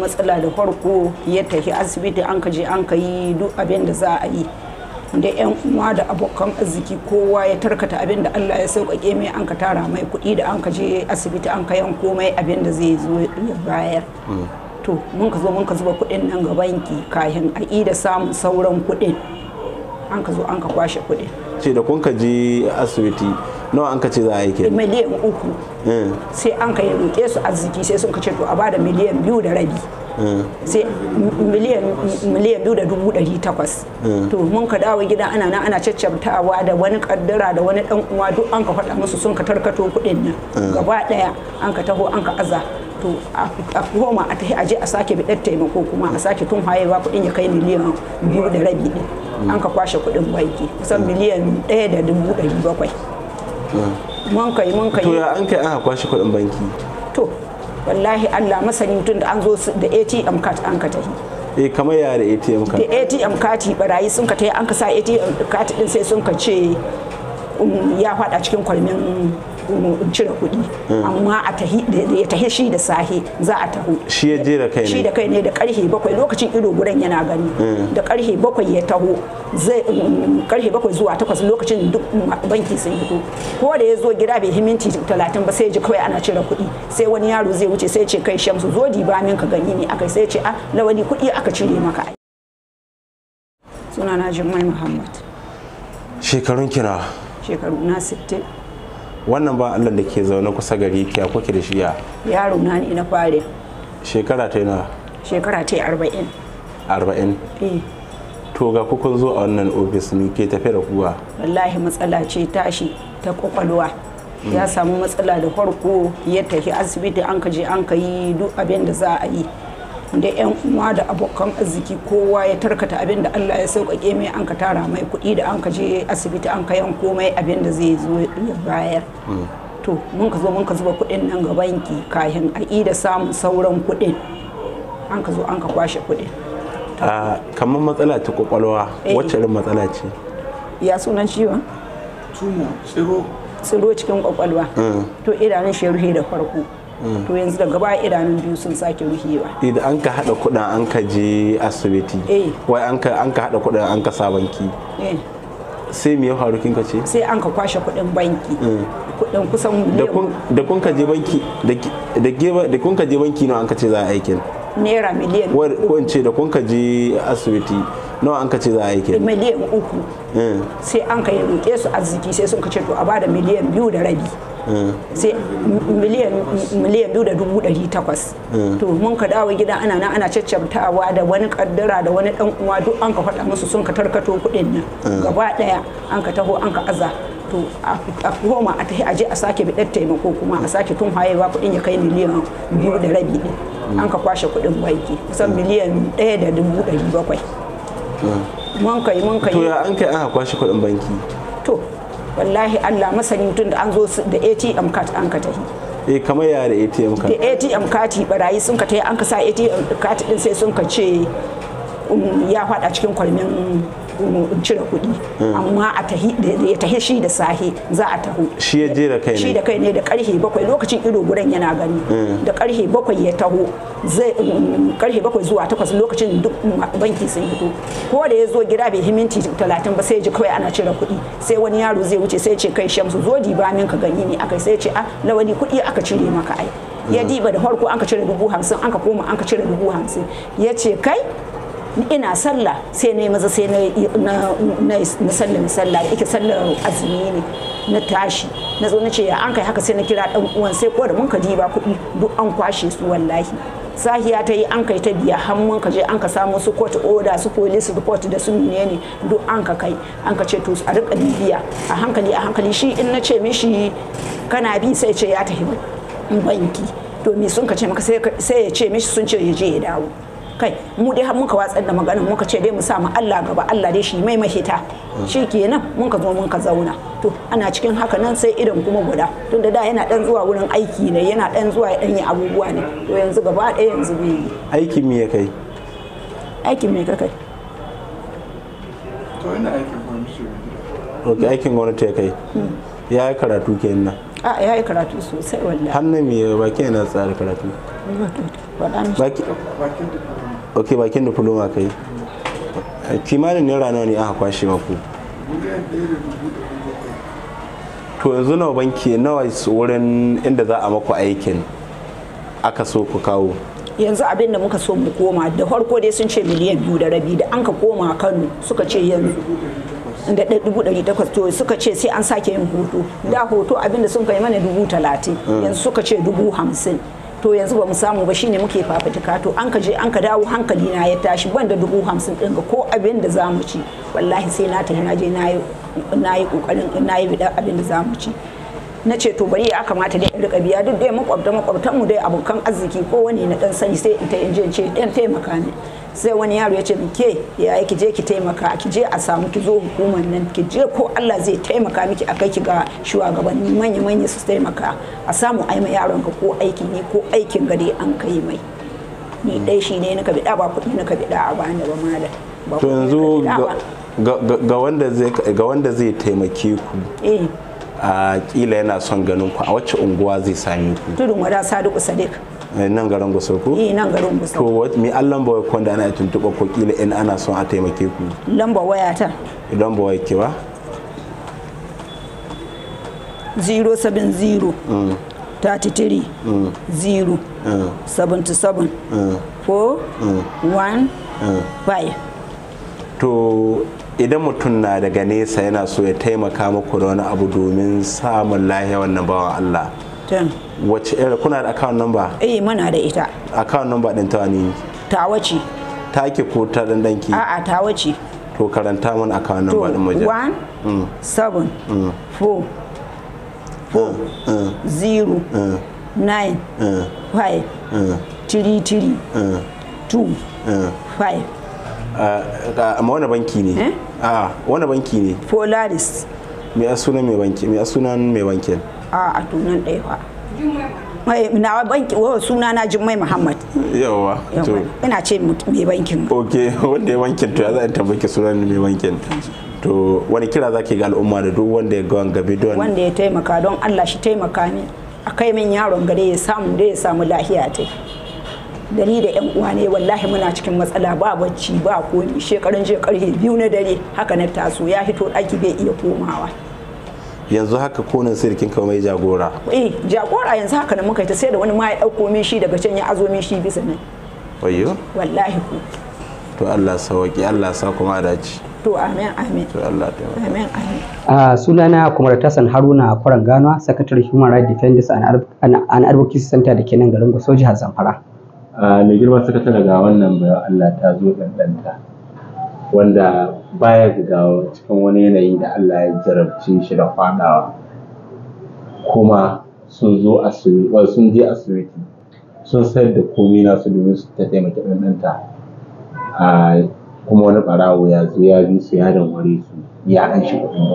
matsala da farko ya tafi asibiti an ka an ka yi duk abin da za a yi da yan uwa da abokan arziki kowa ya tarkata abin da Allah ya sauƙaƙe mai an ka tara mai kuɗi da an ka je asibiti an ka yan komai abin da zai zo ya bayar mm. to mun ka zo mun ka zuba kuɗin nan ga banki kafin a da samun sauran kuɗin an ka zo an ka kwashe kuɗin ce da kun ka je asibiti nawa an ka ce za a yi kenan miliyan uku eh. sai an ka roƙe su arziki sai sun ka ce to a bada miliyan biyu da rabi eh. sai miliyan biyu da dubu ɗari takwas eh. to mun ka dawo gida ana nan ana caccabtawa da wani kaddara da wani dan uwa duk an ka faɗa musu sun ka tarkato kuɗin nan gaba ɗaya an ka taho an ka aza to a koma a tafi aje a sake biɗar taimako kuma a sake tun hayewa kuɗin ya kai miliyan biyu da rabi an ka kwashe kuɗin banki kusan miliyan ɗaya da dubu ɗari bakwai mun kai mun kai to ya an kai aka kwashi kuɗin banki to wallahi Allah masani mutum da an zo da ATM card an ka tahi eh kamar ya da ATM card da ATM card barayi sun ka tahi an ka sa ATM card din sai sun ka ce um, ya faɗa cikin kwalmin cire kuɗi hmm. amma a tahi ya tahi shi da sahi za a taho shi ya je da kai ne shi da kai ne da karhe bakwai lokacin ido guran yana gani hmm. da karhe bakwai ya taho zai karhe mm, bakwai zuwa takwas lokacin duk banki sun fito ko da ya zo gida bai himinti talatin ba sai ji kawai ana cire kuɗi sai wani yaro zai wuce sai ce kai shamsu zo diba min ka gani ne akai sai ce ah, a lawani kuɗi aka cire maka sunana Jummai Muhammad. Shekarun kira? Shekaru na 60. wannan ba Allah da ke zaune kusa gari ke ko ki da shi ya yaro na ne na fare shekara ta yana shekara ta 40 40 eh to ga kun zo a wannan ofis ne ke tafe da kuwa wallahi matsala ce tashi ta kwakwalwa ya samu matsala da farko ya tafi asibiti an ka je an ka yi duk abin da za a yi da 'yan uwa da abokan arziki kowa ya tarkata abin da Allah ya sauƙaƙe mai an ka tara mai kuɗi da an ka je asibiti an ka yan komai abin da zai zo ya bayar mm. to mun ka zo mun ka zuba kuɗin nan ga banki kafin a da samun sauran kuɗin an ka zo an ka kwashe kuɗin kamar matsala ta kwakwalwa eh. wacce irin matsala ce ya sunan ciwon tsiro tsiro cikin ƙwaƙwalwa. Mm. to idanun shi ruhe da farko to yanzu daga ba idanun biyu sun sake ruhewa idan an ka hada kudin an ka je asibiti eh. wai an ka an ka hada kudin an ka sa banki eh. sai me ya faru kin ka ce sai an ka kwashe kudin banki eh. kudin kusan da kun ka je banki da kun ka je banki nawa an ka ce za a aikin naira miliyan uku ko in ce da kun ka je asibiti nawa an ka ce za a aikin? miliyan uku sai an ka yi roƙe su arziki sai sun ka ce to a bada miliyan biyu da rabi sai miliyan biyu da dubu ɗari takwas to mun ka dawo gida ana nan ana caccabtawa da wani kaddara da wani dan uwa duk an ka faɗa musu sun ka tarkato kuɗin nan gaba ɗaya an ka taho an ka aza to a koma a tahi aje a sake biɗar taimako kuma a sake tun hayewa kuɗin ya kai miliyan biyu da rabi an ka kwashe kuɗin banki kusan miliyan ɗaya da dubu ɗari bakwai mun kai mun kai to ya an kai aka kwashe kuɗin banki to wallahi Allah masani mutum da an zo da ATM card an ka tafi. eh kamar ya da ATM card da ATM card barayi sun ka tafi an ka sa ATM card din sai sun ka ce um, ya fada cikin kwalmin cire kuɗi hmm. amma a tahi ya tahi shi da sahi za a taho shi ya je da kai ne shi da kai ne da karhe bakwai lokacin ido guran yana gani hmm. da karhe bakwai ya taho zai karhe mm, bakwai zuwa takwas lokacin duk banki sun fito ko da ya zo gida bai himinti talatin ba sai ji kawai ana cire kuɗi sai wani yaro zai wuce sai ce kai shamsu zo di ba min ka gani ne akai sai ce ah, a lawani kuɗi aka cire maka ai ya hmm. diba da farko an ka cire dubu hamsin an ka koma an ka cire dubu hamsin ya ce kai ina sallah sai na yi maza sai na sallah sallah ike sallar azumi ne na tashi na zo na ce ya an kai haka sai na kira dan uwan sai kowa da mun ka ba kuɗi duk an kwashe su wallahi sahiya ta yi an kai ta biya hannun ka je an ka samu su court order su police report da su ne ne duk an ka kai an ka ce to a rika bibiya a hankali a hankali shi in na ce mishi kana bi sai ce ya tafi banki to me sun ka ce maka sai ya ce mishi sun ce ya je ya dawo kai mu dai har muka watsar da maganin muka ce dai mu sa mu Allah gaba Allah dai shi mai mahita shikenan mun ka zo mun ka zauna to ana cikin haka nan sai idan kuma guda tunda da yana dan zuwa wurin aiki ne yana dan zuwa ya dan yi abubuwa ne to yanzu gaba ɗaya yanzu bai aikin me ya kai aikin me ka kai to ina aikin gwamnati aikin gwamnati ya kai hmm. ya yi karatu kenan a ya yi karatu sosai wallahi hannun me ba kenan tsara karatu ba ok bakin diploma kai kimanin naira nawa ne aka kwashe maku to yanzu nawa banki nawa wurin inda za a maku aikin aka so ku kawo yanzu abin da muka so mu koma da farko dai sun ce miliyan biyu da rabi da an ka koma kano suka ce yanzu da dubu ɗari takwas to suka ce sai an sake yin hoto da hoto abin da sun kai mana dubu talatin mm. yanzu suka ce dubu hamsin to yanzu ba mu samu ba shine muke fafutuka to an ka je an ka dawo hankali na ya tashi ban da dubu hamsin ɗinka ga ko abin da za mu ci wallahi sai na tafi na je na yi ƙoƙarin na yi abin da zamu ci na ce to bari ya kamata dai in rika biya duk dai makwabta makwabtan mu dai abokan arziki ko wani na dan sani sai in ta in ce dan taimaka ne sai wani yaro ya ce ke ya ki je ki taimaka ki je a samu ki zo hukumar nan ki je ko Allah zai taimaka miki a kai ki ga shugabanni manya manya su taimaka a samu ai mai yaron ka ko aiki ne ko aikin gari an kai mai ni dai shi ne na ka ba kuɗi na ka a bani ba malam to yanzu ga wanda zai ga wanda zai taimake ku eh a kila yana son ganin ku a wacce unguwa zai sami ku tudun wada sadu sadiq eh, nan garin gusar ku eh nan garin gusau to me an lamba waya kwanda ana tuntuɓa ko kila in ana son a taimake ku lamba waya ta lamba waya ke ba 070 33 0 77 4 1 5 to idan mutum na daga nesa yana so ya taimaka muku da wani abu domin samun lahiya wannan bawan Allah wace irin kuna da account number eh muna da ita account number din tawani. ne ta wace ta ke ko ta dan danki a'a ta wace to karanta mun account number din mu 1 7 4 4 0 9 5 3 3 2 5 Eh, amma wani banki ne eh? a wani banki ne polaris mai asunan mai banki mai asunan mai banki a a tunan ɗaya fa mai nawa banki wa oh, suna na jummai muhammad yawa to ina ce mai bankin ok wanda ya bankin to ya za a tabbaki sunan mai bankin to wani kira zaki ga al'umma da duk wanda ya ga gabe don wanda ya taimaka don Allah shi taimaka ne a kai min yaron gare ya samu da ya samu lahiya ta da ni da yan uwa ne wallahi muna cikin matsala ba bacci ba komi shekarun je biyu na dare haka na taso ya hito ɗaki bai iya komawa yanzu haka konin sirkin kawai mai jagora eh jagora yanzu haka na muka yi ta sai da wani ma ya ɗauko min shi daga can ya azo min shi bisa nan wayo wallahi ku to Allah sauki Allah sa kuma dace to amin amin to Allah ta amin amin a sunana kuma Tasan Haruna Kwarangana Secretary Human Rights Defenders and Advocacy Center da ke nan garin Gosoji Zamfara a mai girma sakatare ga wannan bayan Allah ta zo ɗanɗanta wanda baya gudawa cikin wani yanayi da Allah ya jarabci shi da faɗawa kuma sun zo sun je asibiti sun sayar da komai nasu domin su ta taimaki ɗanɗanta kuma wani ɓarawo ya zo ya bi su ya wari su ya an shi kuɗin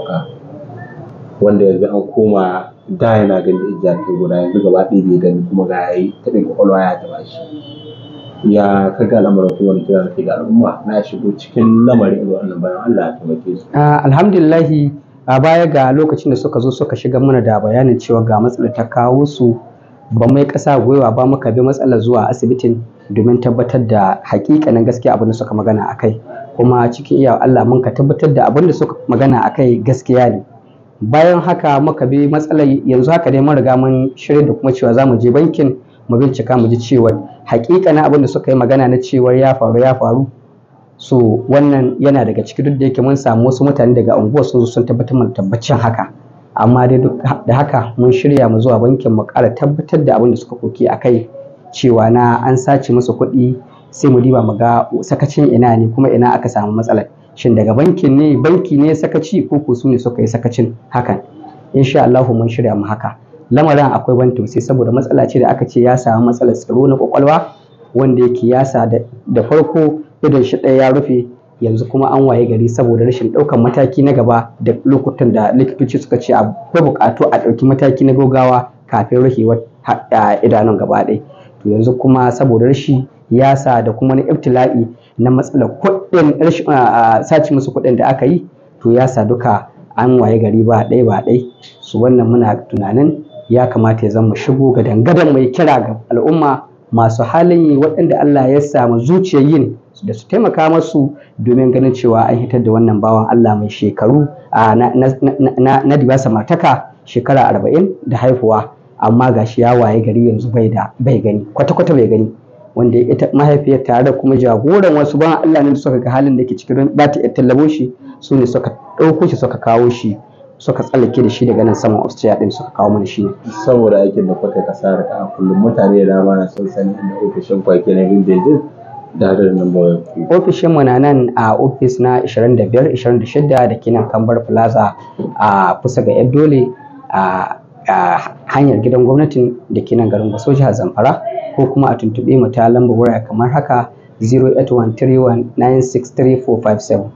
wanda yanzu an koma da yana ganin izza ta guda yanzu gaba ɗaya bai gani kuma ga Ta ɗaya kwakwalwa ya taɓa shi ya kaga al'amuran kuma wani kira ga al'umma na shigo cikin lamarin wannan bayan Allah ya taimake su ah, alhamdulillahi a baya ga lokacin da suka zo suka shiga mana da bayanin cewa ga matsalar ta kawo su ba mai ƙasa gwiwa ba muka bi matsalar zuwa asibitin domin tabbatar da hakikanin gaskiya abin da suka magana akai kuma cikin iya Allah mun ka tabbatar da abin da suka magana akai gaskiya ne bayan haka muka bi matsalar yanzu haka dai mun riga mun shirya da kuma cewa zamu je bankin mu bincika mu ji cewa hakika na abin da suka yi magana na cewa ya faru ya faru so wannan yana daga ciki duk da yake mun samu wasu mutane daga unguwar sun zo sun tabbatar mana tabbacin haka amma dai duk da haka mun shirya mu zuwa bankin mu ƙara tabbatar da abin da suka koke akai cewa na an sace musu kuɗi sai mu diba mu ga sakacin ina ne kuma ina aka samu matsalar shin daga bankin ne banki ne sakaci ko ko su suka yi sakacin hakan insha Allah mun shirya mu haka lamarin akwai ban tausayi saboda matsala ce da aka ce ya samu matsalar tsaro na kwakwalwa wanda yake sa da farko idan shi ɗaya ya rufe yanzu kuma an waye gari saboda rashin ɗaukar mataki na gaba da lokutan da likitoci suka ce akwai buƙatu a ɗauki mataki na gogawa kafin rufe idanun gaba ɗaya to yanzu kuma saboda rashi yasa da kuma na iftila'i na matsala kuɗin sace musu kuɗin da aka yi to yasa duka an waye gari ba ɗai ba ɗai su wannan muna tunanin ya kamata ya zama shigo ga dangadan mai kira ga al'umma masu halin yi waɗanda Allah ya samu zuciyar yin da su taimaka masu domin ganin cewa an hitar da wannan bawan Allah mai shekaru na dibasa mataka shekara arba'in da haihuwa amma gashi ya waye gari yanzu bai da bai gani kwata-kwata bai gani wanda ita mahaifiyar tare da kuma jagoran wasu ban Allah ne suka ga halin da ke cikin ba ta tallabo shi su ne suka ɗauko shi suka kawo shi suka tsallake da shi daga nan saman Austria din suka kawo mana shi ne saboda aikin da kuka kasara a kullum mutane da dama na son sani inda ofishin kwake na daidai, da da nan ofishin mu na nan a ofis na 25 26 da kinan Kambar Plaza a kusa ga Edole a a hanyar gidan gwamnatin da ke nan garin Gwaso jihar Zamfara ko kuma a tuntuɓe mu ta lambar waya kamar haka 0813196357.